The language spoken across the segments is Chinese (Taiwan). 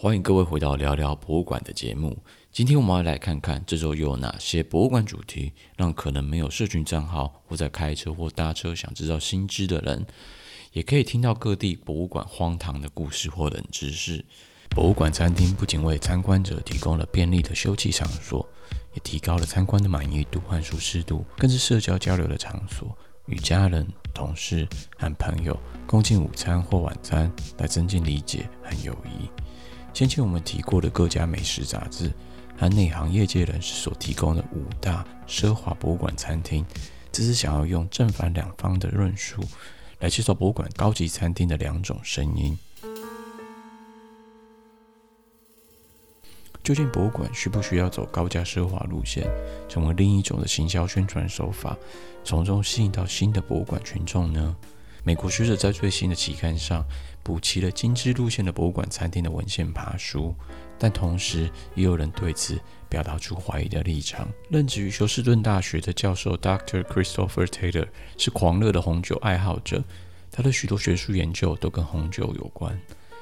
歡迎各位回到聊聊博物館的節目。今天我們要來看看這周又有哪些博物館主題，讓可能沒有社群賬號或在開車或搭車，想知道新知的人，也可以聽到各地博物館荒唐的故事或冷知識。博物館餐廳不僅為參觀者提供了便利的休憩場所，也提高了參觀的滿意度和舒適度，更是社交交流的場所，與家人、同事和朋友共進午餐或晚餐，來增進理解和友誼。先前我們提過的各家美食雜誌，和內行業界人士所提供的五大奢華博物館餐廳，只是想要用正反兩方的論述，來介紹博物館高級餐廳的兩種聲音。究竟博物館需不需要走高價奢華路線，成為另一種的行銷宣傳手法，從中吸引到新的博物館群眾呢？美國學者在最新的期刊上補齊了精致路線的博物館餐廳的文獻爬書，但同時也有人對此表達出懷疑的立場。任職於休斯頓大學的教授 Dr. Christopher Taylor 是狂熱的紅酒愛好者，他的許多學術研究都跟紅酒有關。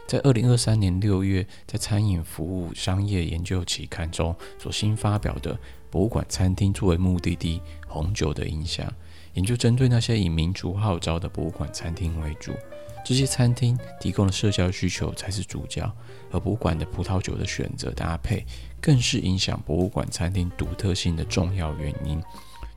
在2023年6月，在餐飲服務商業研究期刊中所新發表的《博物館餐廳作為目的地：紅酒的影響》。研究針對那些以民族號召的博物館餐廳為主，這些餐廳提供的社交需求才是主角，而博物館的葡萄酒的選擇搭配，更是影響博物館餐廳獨特性的重要原因。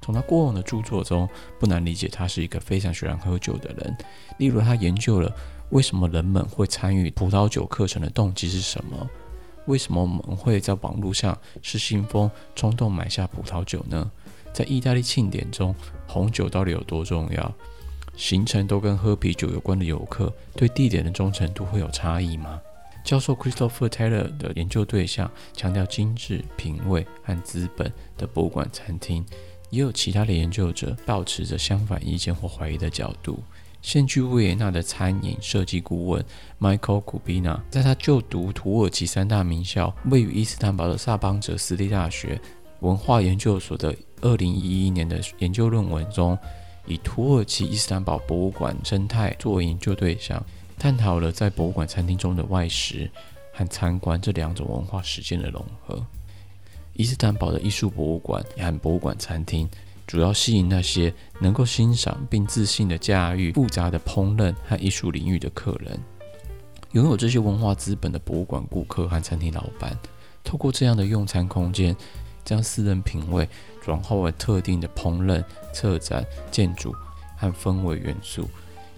從他過往的著作中，不難理解他是一個非常喜歡喝酒的人。例如，他研究了為什麼人們會參與葡萄酒課程的動機是什麼，為什麼我們會在網絡上失心瘋衝動買下葡萄酒呢？在意大利慶典中，紅酒到底有多重要？行程都跟喝啤酒有關的遊客，對地點的忠誠度會有差異嗎？教授 Christopher Taylor 的研究對象強調精致品味和資本的博物館餐廳，也有其他的研究者抱持着相反意見或懷疑的角度。現居維也納的餐飲設計顧問 Michael Kubina，在他就讀土耳其三大名校，位於伊斯坦堡的薩邦哲私立大學。文化研究所的二零一一年的研究論文中，以土耳其伊斯坦堡博物館生態作為研究對象，探討了在博物館餐廳中的外食和參觀這兩種文化實踐的融合。伊斯坦堡的藝術博物館和博物館餐廳主要吸引那些能夠欣賞並自信地駕馭複雜的烹飪和藝術領域的客人。擁有這些文化資本的博物館顧客和餐廳老板，透過這樣的用餐空間。將私人品位，轉化為特定的烹飪、策展、建築和氛圍元素，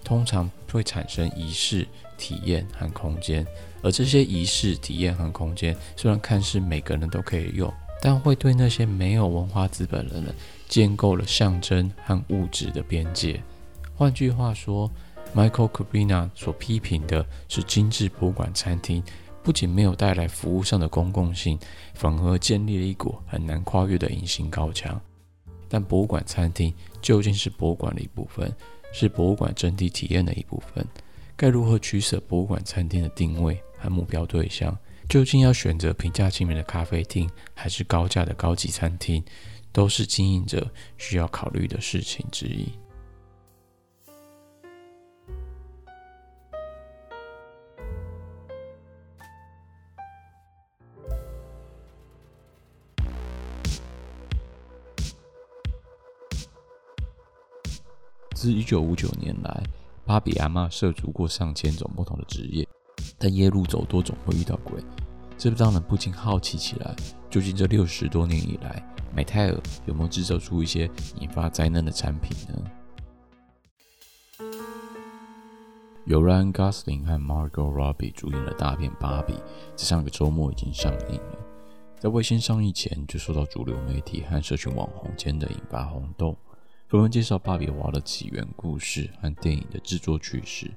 通常會產生儀式、體驗和空間。而這些儀式、體驗和空間雖然看似每個人都可以用，但會對那些沒有文化資本的人建構了象徵和物質的邊界。換句話說，Michael c u b i e a Cubina 所批評的是精緻博物館餐廳不僅沒有帶來服務上的公共性，反而建立了一股很難跨越的隱形高牆。但博物館餐廳究竟是博物館的一部分，是博物館整體體驗的一部分，該如何取捨博物館餐廳的定位和目標對象？究竟要選擇平價親民的咖啡廳，還是高價的高級餐廳，都是經營者需要考慮的事情之一。自一九五九年來，芭比阿媽涉足過上千種不同的職業，但夜路走多總會遇到鬼。這讓人不禁好奇起來：究竟這六十多年以來，美泰爾有沒有製造出一些引發災難的產品呢？由 Ryan Gosling 和 Margot Robbie 主演的大片《芭比》在上個週末已經上映了，在未正式上映前就受到主流媒體和社群網紅間的引發轟動。紛紛介紹芭比娃娃的起源故事和電影的制作趣事，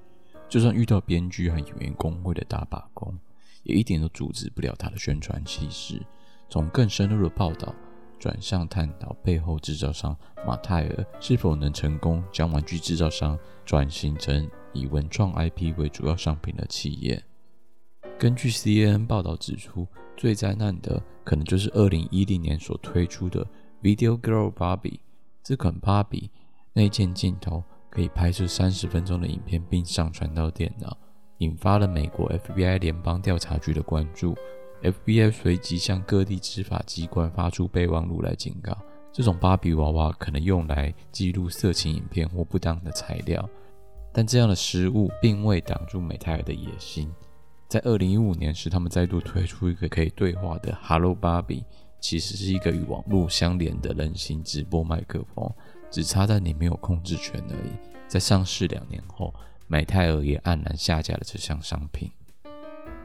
就算遇到編劇和演員工會的大罷工，也一點都阻止不了它的宣傳氣勢。從更深入的報道轉向探討背後製造商馬泰爾是否能成功將玩具製造商轉型成以文創 IP 為主要商品的企業。根據 CNN 報道指出，最災難的可能就是2010年所推出的 Video Girl Barbie。這款芭比內建鏡頭可以拍攝三十分鐘的影片，並上傳到電腦，引發了美國 FBI 聯邦調查局的關注。FBI 隨即向各地執法機關發出備忘錄來警告，這種芭比娃娃可能用來記錄色情影片或不當的材料。但這樣的失誤並未擋住美泰爾的野心，在二零一五年時，他們再度推出一個可以對話的 Hello 芭比。其實是一個與網絡相連的人形直播麥克風，只差在你沒有控制權而已。在上市兩年後，美泰爾也黯然下架了這項商品。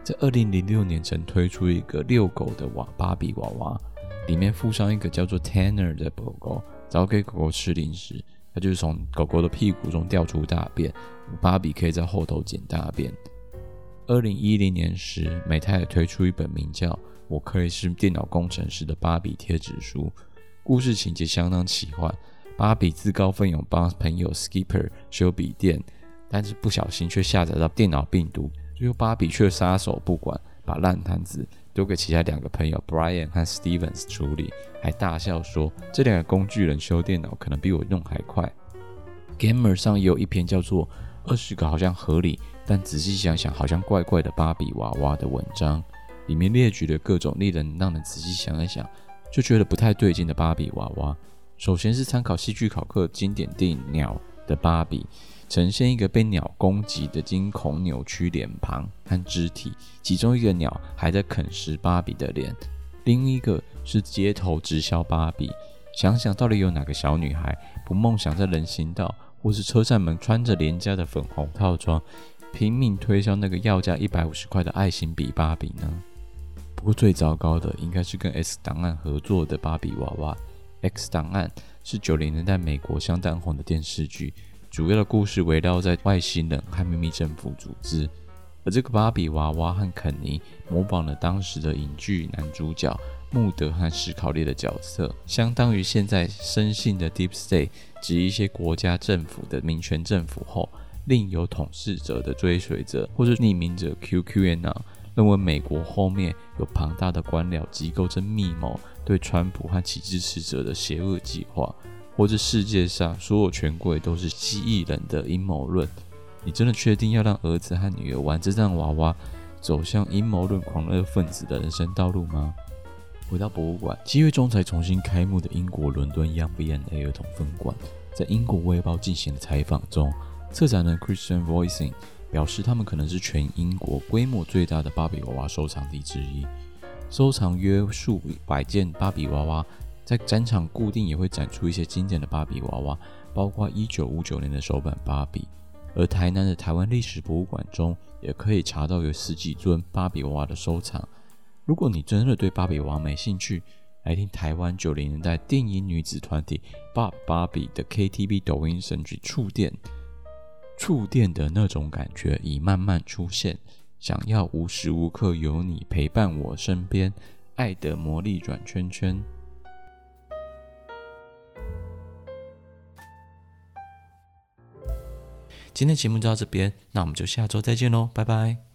在二零零六年曾推出一個遛狗的娃芭比娃娃，裡面附上一個叫做 Tanner 的狗狗，只要給狗狗吃零食，它就是從狗狗的屁股中掉出大便，芭比可以在後頭撿大便。二零一零年時，美泰爾推出一本名叫我可以是電腦工程師的芭比貼紙書，故事情節相當奇幻。芭比自告奮勇幫朋友 Skipper 修筆電，但是不小心卻下載到電腦病毒，最後芭比卻撒手不管，把爛攤子丟給其他兩個朋友 Brian 和 Stevens 處理，還大笑說這兩個工具人修電腦可能比我用還快。Gamer 上也有一篇叫做《二十個好像合理但仔細想想好像怪怪的芭比娃娃》的文章。裡面列舉了各種令人讓人仔細想一想就覺得不太對勁的芭比娃娃。首先是參考希區考克經典電影《鳥》的芭比，呈現一個被鳥攻擊的驚恐扭曲臉龐和肢體，其中一個鳥還在啃食芭比的臉；另一個是街頭直銷芭比，想想到底有哪個小女孩不夢想在人行道或是車站門穿着廉價的粉紅套裝，拼命推銷那個要價一百五十塊的愛心筆芭比呢？不過最糟糕的應該是跟 X 檔案合作的芭比娃娃。X 檔案是九零年代美國相當紅的電視劇，主要的故事圍繞在外星人和秘密政府組織。而這個芭比娃娃和肯尼模仿了當時的影劇男主角穆德和史考利的角色，相當於現在深信的 Deep State，及一些國家政府的民權政府後另有統治者的追隨者，或是匿名者 QAnon。認為美國後面有龐大的官僚機構正密謀對川普和其支持者的邪惡計劃，或是世界上所有權貴都是蜥蜴人的陰謀論。你真的確定要讓兒子和女兒玩這張娃娃，走向陰謀論狂熱分子的人生道路嗎？回到博物館，七月中才重新開幕的英國倫敦 Young V&A 兒童分館，在《英國衛報》進行的採訪中，策展人 Christian Voicing。表示他們可能是全英國規模最大的芭比娃娃收藏地之一，收藏約數百件芭比娃娃。在展場固定也會展出一些經典的芭比娃娃，包括一九五九年的首版芭比。而台南的台灣歷史博物館中也可以查到有十幾尊芭比娃娃的收藏。如果你真的對芭比娃娃沒興趣，來聽台灣九零年代電音女子團體 Bob 芭比的 KTV 抖音神曲《觸電》。觸電的那種感覺已慢慢出現，想要無時無刻有你陪伴我身邊，愛的魔力轉圈圈。今天的節目就到這邊，那我們就下周再見嘍，拜拜。